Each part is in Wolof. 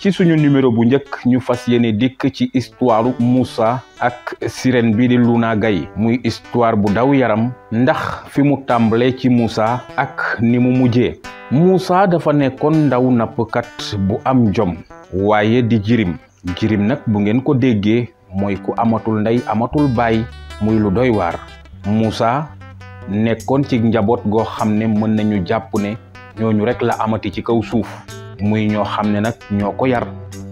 ci suñu numéro bu ñëk ñu fas yéene dikk ci histoire Moussa ak sirène bi di Luna Gay muy histoire bu daw yaram ndax fi mu tambalé ci Moussa ak ni mu mujjé Moussa dafa nekkoon ndaw kat bu am jom waaye di jirim jirim nak bu ngeen ko déggé moy ku amatul ndey amatul bay muy lu doy war Moussa nekkoon ci njabot go xam ne mën nañu japp ne ñoñu rek la amati ci kaw suuf muy ñoo xamne nak nag ñoo ko yar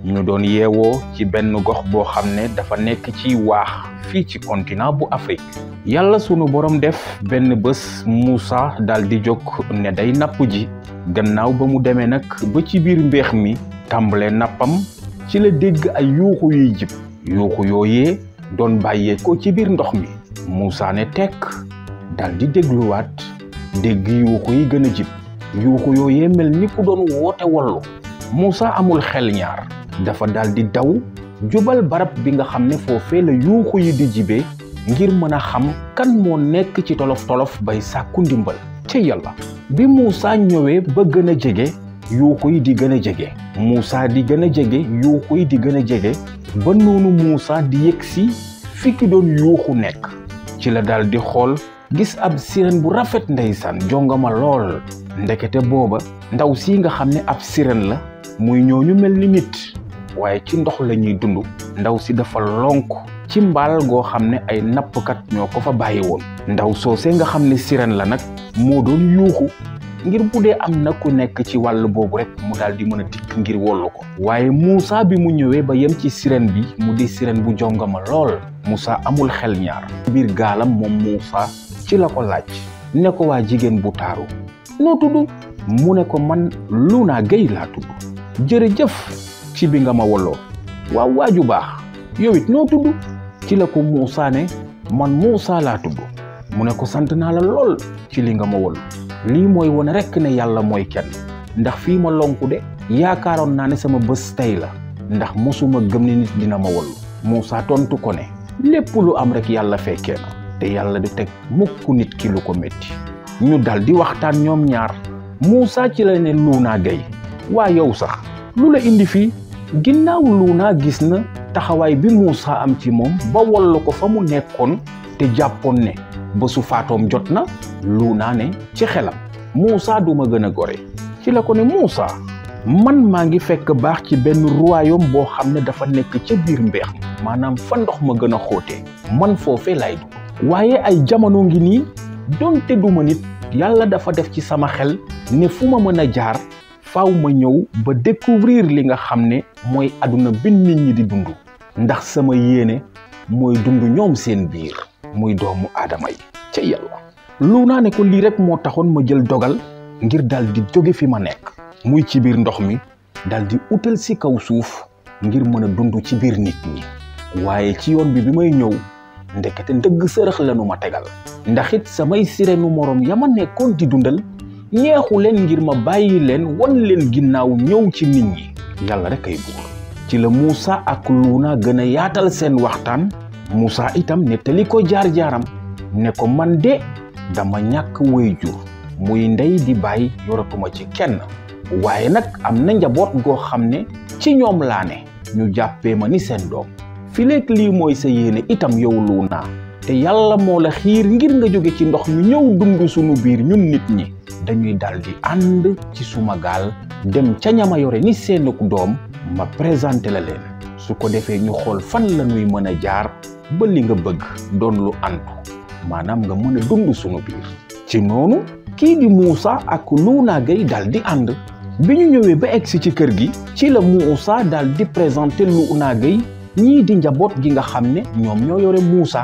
ñu doon yeewoo ci benn gox boo xam ne dafa nekk ci waax fii ci continent bu afrique yàlla sunu borom def benn bés muusa dal di jóg ne day napp ji gannaaw ba mu demee nag ba ci biir mbeex mi tàmbalee nappam ci la dégg ay yuuxu yuy jib yuuxu yooyee doon ko ci biir ndox mi muusa ne tekk dal di dégluwaat dégg yuuxu yi gën jib yuuxu yooyee mel ni ku doon woote wallu Moussa amul xel ñaar dafa daal di daw jubal barab bi nga xam ne foofee la yuuxu yi di jibee ngir mën a xam kan moo nekk ci tolof tolof bay sàkku ndimbal ci yàlla bi Moussa ñëwee ba gën a jege yuuxu yi di gën a jege Moussa di gën a jege yuuxu yi di gën a jege ba noonu Moussa di yegg si fi ki doon yuuxu nekk ci la daal di xool gis ab sirène bu rafet ndeysaan jongama lool ndekete booba ndaw sii nga xam ne ab sirène la muy ñoo ñu mel ni nit waaye ci ndox la ñuy dund ndaw si dafa lonk ci mbaal goo xam ne ay nappkat ñoo ko fa bàyyi woon ndaw soosee nga xam ne sirène la nag moo doon yuuxu ngir bu dee am na ku nekk ci wàll boobu rek mu daal di mën a dikk ngir wollu ko waaye Moussa bi mu ñëwee ba yem ci sirène bi mu di sirène bu jongama lool Moussa amul xel ñaar biir gaalam moom Moussa ci la ko laaj ne ko waa jigéen bu taaru noo tudd mu ne ko man Luna gay laa tudd jërëjëf ci bi nga ma wolloo waaw waaju baax yow it noo ci la ko ne man musa laa tudd mu ne ko sant naa la lool ci li nga ma wol lii mooy wone rek ne yàlla mooy kenn ndax fii ma lonku de yaakaaroon naa ne sama bés tey la ndax mosuma gëm ni nit dina ma wol tontu ko ne lépp lu am rek yàlla fekkee na te yàlla du teg mukk nit ki lu ko métti ñu dal di waxtaan ñoom ñaar Moussa ci la ne naa Gaye waa yow sax lu la indi fii ginnaaw naa gis na taxawaay bi Moussa am ci moom ba walla ko fa mu nekkoon te jàppoon ne bësu faatoom jot na lu naa ne ci xelam Moussa du ma gën a gore ci la ko ne Moussa man maa ngi fekk baax ci benn royaume boo xam ne dafa nekk ca biir mbeex maanaam fa ndox ma gën a xóote man foofee laay dugg waaye ay jamono ngi nii donte duma nit yàlla dafa def ci sama xel ne fu ma mën a jaar faw ma ñëw ba découvrir li nga xam ne mooy àdduna bi ñi di dund ndax sama yéene mooy dund ñoom seen biir muy doomu aadama yi ca yàlla lu naa ne ko lii rek moo taxoon ma jël dogal ngir dal di jóge fi ma nekk muy ci biir ndox mi dal di utal si kaw suuf ngir mën a dund ci biir nit ñi waaye ci yoon bi bi may ñëw ndekete ndëgg sërëx la nu ma tegal ndax it samay sirenu moroom ya ma nekkoon di dundal ñeexu leen ngir ma bàyyi leen wan leen ginnaaw ñëw ci nit ñi yàlla rek ay buur ci la Moussa ak Luuna gën a yaatal seen waxtaan muusa itam nettali ko jaar-jaaram ne ko man de dama ñàkk waajur muy ndey di bàyyi yoratuma ci kenn waaye nag am na njaboot goo xam ne ci ñoom laa ne ñu jàppee ma ni seen doog fileeg lii mooy sa yéene itam yow naa te yàlla moo la xiir ngir nga jóge ci ndox mi ñëw dund sunu biir ñun nit ñi dañuy daldi ànd ci suma gaal dem ca ñama yore ni seen doom ma présenté la leen su ko defee ñu xool fan la ñuy mën a jaar ba li nga bëgg doon lu antu maanaam nga mën a dund sunu biir ci noonu kii di Moussa ak Luna Gueye daldi ànd bi ñu ñëwee ba egsi ci kër gi ci la Moussa daldi présenté Luna Gueye ñi di njabot gi nga xamne ñom rem ñoo yore muusa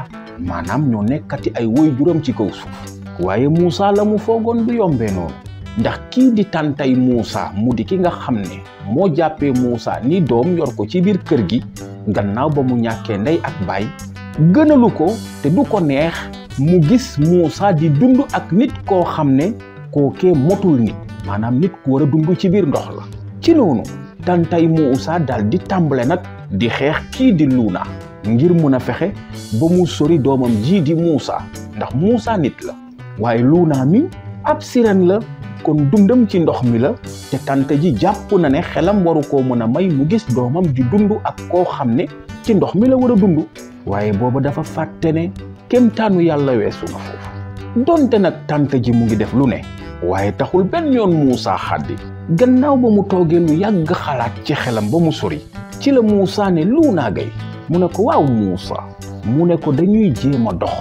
maanaam ñoo nekkati ay woy juram ci kaw suuf waye muusa la mu fogon du yombé noonu ndax ki di tantay Musa mu di ki nga xamne mo jappé jàppee ni dom yor ko ci bir kër gi gannaaw ba mu ñaké ndey ak bay gënalu ko du ko neex mu gis muusa di dund ak nit ko xamne ko kookee motul nit manam nit ko wara dund ci bir ndox la ci nonu tantay dal di tambalé nak di xex ki di luna, ngir muna fexé ba mu sori domam ji di Musa, ndax Musa nit la waye luna mi ab sirène la kon dundam ci ndox mi la te tante ji japp na ne xelam waru ko muna may mu gis domam ji dundu ak ko xamne ne ci ndox mi la wara dundu waye bobu dafa ne tanu yalla wessu na fofu donte nak tante ji mu ngi def lu ne waye taxul ben yon musa xadi gannaaw ba mu toogee lu yàgg xalaat ci xelam ba mu sori ci la Moussa ne Luuna Gay mu ne ko waaw Moussa mu ne ko dañuy jéem a dox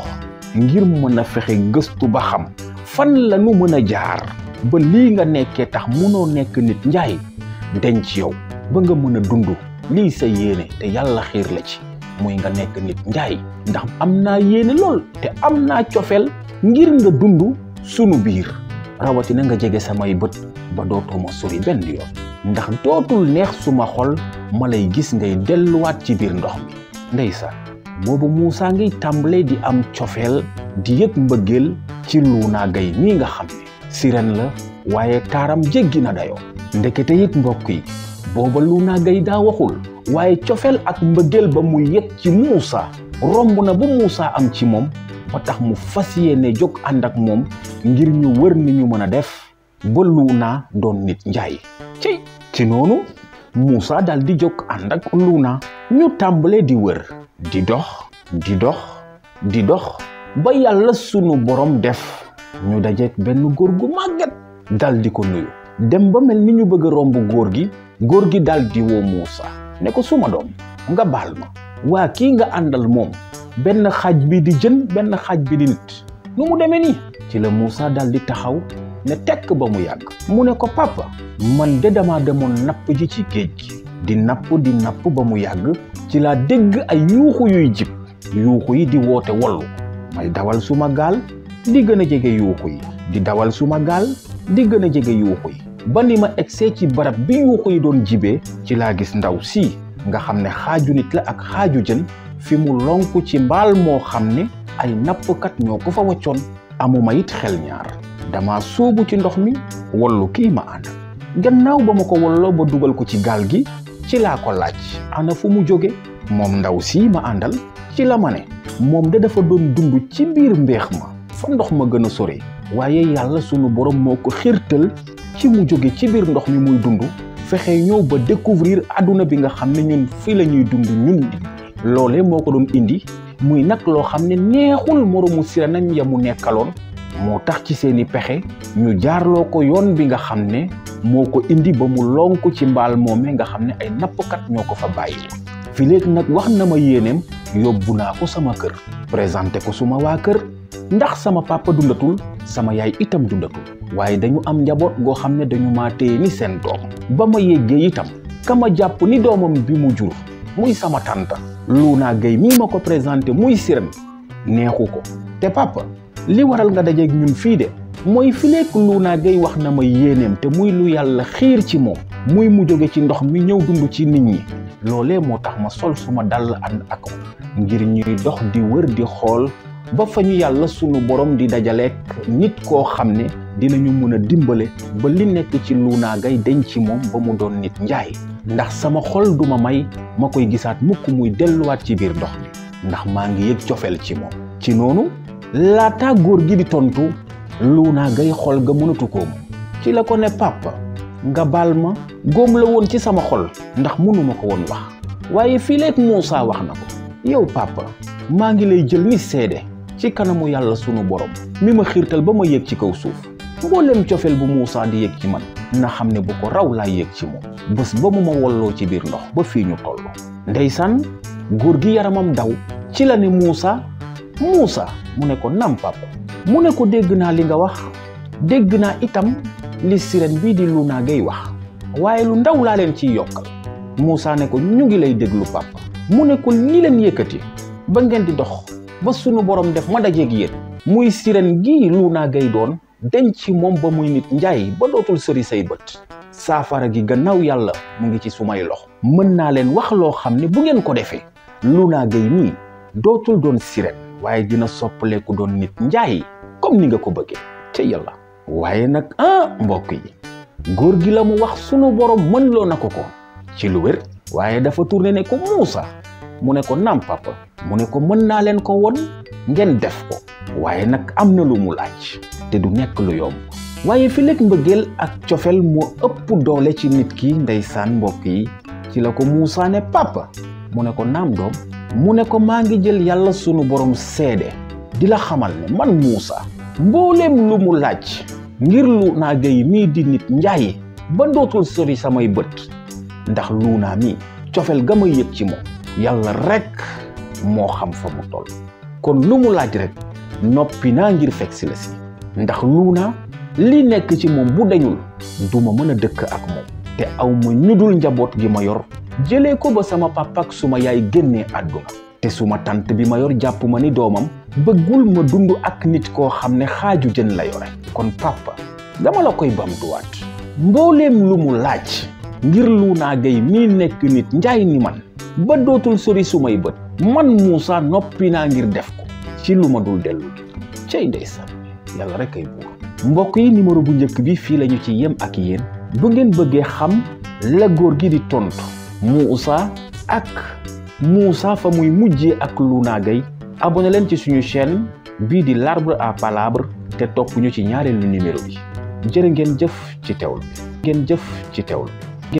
ngir mën a fexe gëstu ba xam fan la nu mën a jaar ba lii nga nekkee tax munoo nekk nit njaay denc yow ba nga mën a dund lii sa yéene te yàlla xiir la ci mooy nga nekk nit njaay ndax am naa yéene lool te am naa cofeel ngir nga dund sunu biir rawatina nga jege samay bët ba dootuma sori ben yoon ndax dootul neex suma xol ma lay gis ngay delluwaat ci biir ndox mi ndeysaan boobu Moussa ngay tàmbalee di am cofeel di yëg mbëggeel ci luunaa gay mi nga xam ne sirène la waaye taaram jéggi na dayo ndekete it mbokk yi booba luunaa gay daa waxul waaye cofeel ak mbëggeel ba muy yëg ci Moussa romb na ba Moussa am ci moom ba tax mu fas yéene jóg ànd ak moom ngir ñu wër ni ñu mën a def bo luna don nit njay cey ci nonu musa dal di jok andak luna ñu tambalé di wër di dox di dox di dox ba yalla sunu borom def ñu dajeek benn gor gu magat dal di ko nuyu dem ba mel ni ñu bëgg rombu gor gi gor gi dal di wo Neko ne ko suma dom nga bal ma wa ki nga andal mom ben xaaj bi di jeun ben bi di nit numu ci le musa dal di taxaw ne tek ba mu yag mu ne ko papa man de dama demone nap ji ci geej di nap di nap ba mu yag ci la dégg ay yuxu yuy jib yuxu yi di wote wallu may dawal suma gal di gëna a yuxu yi di dawal suma gal di gëna a yuxu yi ba ni ma egsee ci barab bi yuxu yi doon jibé ci la gis ndaw si nga xamné xaju nit la ak xaju jën fi mu lonku ci mbal mo xamné ay nap kat ñoko fa waccoon amuma it xel ñaar dama soobu ci ndox mi wollu ki ma ana gannaaw ba ma ko ba dugal ko ci gal gi ci la ko laaj ana fu mu joge mom ndaw si ma andal, ci la Momda mom da cibir dafa doon dund ci bir mbex ma fa ndox ma gëna sori sore yalla sunu borom moko xirtal ci mu joge ci bir ndox mi muy dund fexé ñew ba découvrir aduna bi nga xamné ñun Lole la ñuy dund ñun lolé moko doon indi muy nak lo xamné moro neexul moromu sirana ya mu nekkalon moo tax ci seeni pexe ñu jaarloo ko yoon bi nga xam ne moo ko indi ba mu lonku ci mbaal moome nga xam ne ay nappkat ñoo ko fa bàyyi fi léegi nag wax na ma yéeneem yóbbu naa ko sama kër présenté ko suma waa kër ndax sama papa dundatul sama yaay itam dundatul waaye dañu am njaboot goo xam ne dañu maa téye ni seen doom ba ma yéggee itam kama jàpp ni doomam bi mu jur muy sama tànta lu naa gay mi ma ko présenté muy siram neexu ko te papa li waral nga dajeeg ñun fii de mooy fi lekk Luna Gueye wax na ma yéeneem te muy lu yàlla xiir ci moom muy mu jóge ci ndox mi ñëw dund ci nit ñi loolee moo tax ma sol suma dàll ànd ak ngir ñuy dox di wër di xool ba fa ñu yàlla sunu borom di dajaleek nit koo xam ne dinañu mën a dimbale ba li nekk ci Luna Gueye deñ ci moom ba mu doon nit njaay ndax sama xol duma may ma koy gisaat mukk muy delluwaat ci biir ndox mi ndax maa ngi yëg cofeel ci moom ci noonu laata góor gi di tontu lu naa Gay xol ga mënatu ko ci la ko ne papa nga baal ma góom la woon ci sama xol ndax mënuma ko woon wax waaye fii leeg Muusaa wax na ko yow papa maa ngi lay jël ni seede ci kanamu yàlla sunu borom mi ma xiirtal ba ma yéeg ci kaw suuf mboolem cofeel bu Muusaa di yéeg ci man na xam ne bu ko raw laa yéeg ci moom bés ba mu ma wolloo ci biir ndox ba fii ñu toll ndeysaan góor gi yaramam daw ci la ne Muusaa Moussa mu ne ko nam papa mu ne ko dégg naa li nga wax dégg naa itam li sirène bii di naa Gueye wax waaye lu ndaw laa leen ciy yokkal Moussa ne ko ñu ngi lay déglu papa mu ne ko li leen yëkkati ba ngeen di dox ba sunu borom def ma dajeeg yéen muy sirène gii naa Gueye doon denc ci moom ba muy nit njaay ba dootul sëri say bët saafara gi gannaaw yàlla mu ngi ci sumay loxo mën naa leen wax loo xam ne bu ngeen ko defee Luna Gueye nii dootul doon sirène waaye dina soppaleeku doon nit njaay comme ni nga ko bëggee te yàlla waaye nag ah mbokk yi góor gi la mu wax sunu borom mën loo na ko ko ci lu wér waaye dafa tourné ne ko Moussa mu ne ko naam papa mu ne ko mën naa leen ko won ngeen def ko waaye nag am na lu mu laaj te du nekk lu yomb waaye fi lekk mbëggeel ak cofel moo ëpp doole ci nit ki ndeysaan mbokk yi ci la ko Moussa ne papa mu ne ko naam doom mu ne ko maa jël yalla sunu borom sédé di xamal ne man Musa, mbolem lu mu lacc ngir lu na mi di nit njaay ba ndotul sori samay beut ndax lu na mi ciofel ga ma yëg ci mo yalla rek Moham xam fa mu toll kon lu mu lacc rek nopi na ngir fekk si la ci ndax lu na li nek ci mom bu dañul duma meuna dekk ak mom te awma ñudul njabot gi ma yor jele ko ba sama papa ak suma yayi genné aduna té suma tante bi mayor yor mani domam ni ma dundu ak nit ko xamné xaju xaaju la yoré kon papa dama la koy bamtuwaat mbooleem lu mu laaj ngir lu na gay mi nek nit njaay ni man ba dotul sori sumay bët man Moussa nopi na ngir def ko ci lu ma dul delu cey ndeysal yalla rek ay bur mbok yi numéro bu ñëk bi fi lañu ci yem ak yeen bu ngeen bëggee xam la gor gi di tontu Moussa ak Moussa fa muy mujje ak Luna Gueye abonné leen ci suñu chaîne bii di l'arbre à palabre te topp ñu ci ñaareelu numéro bi jërë ngeen jëf ci teewlu bi ngeen jëf ci teewlu